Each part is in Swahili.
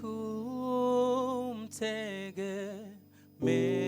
꿈 되게 매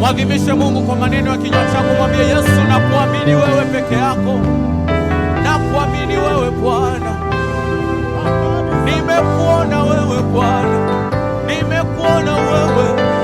Mwadhimishe Mungu kwa maneno ya kinywa chako, mwambie Yesu, nakuamini wewe peke yako, nakuamini wewe Bwana, nimekuona wewe Bwana, nimekuona wewe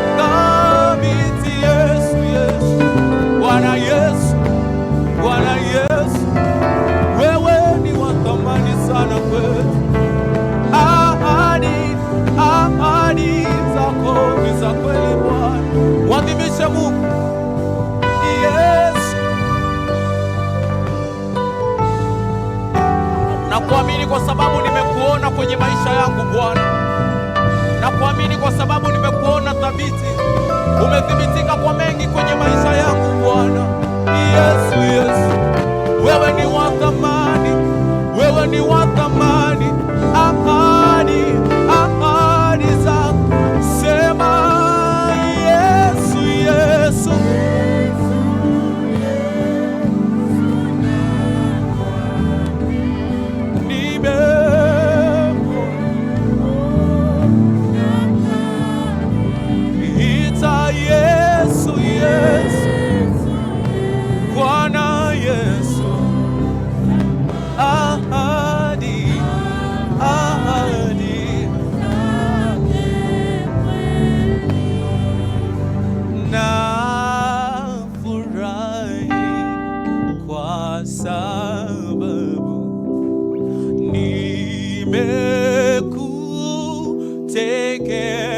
again.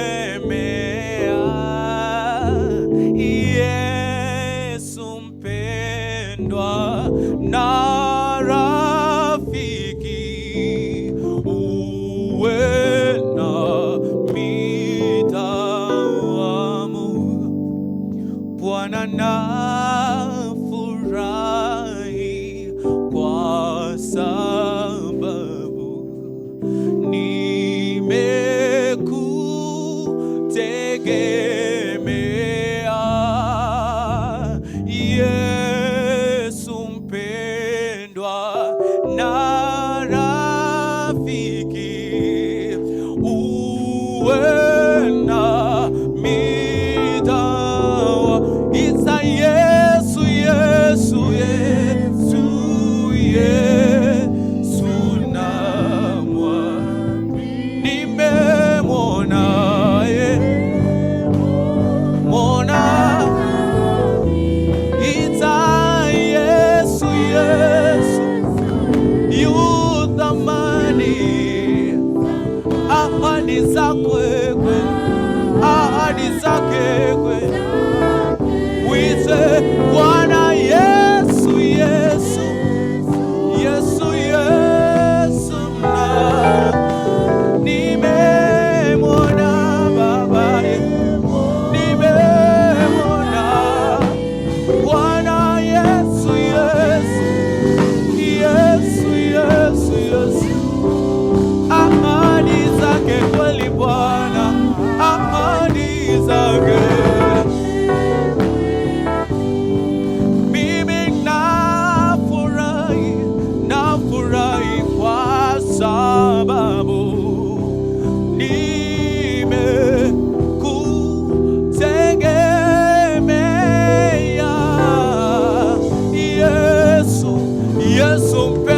We zake sou um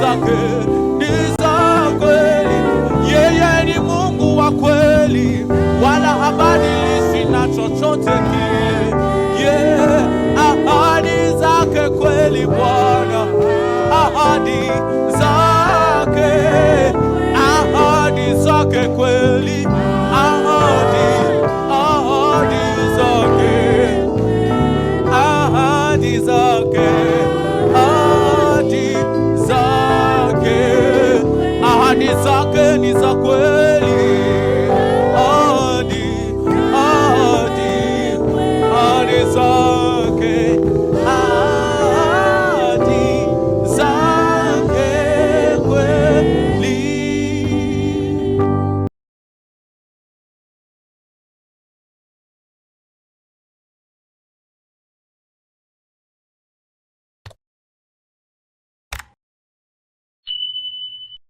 zake ni za kweli. Yeye ni Mungu wa kweli, wala habadilishi na chochote kile. Yeye ahadi zake kweli, Bwana ahadi zake, ahadi zake kweli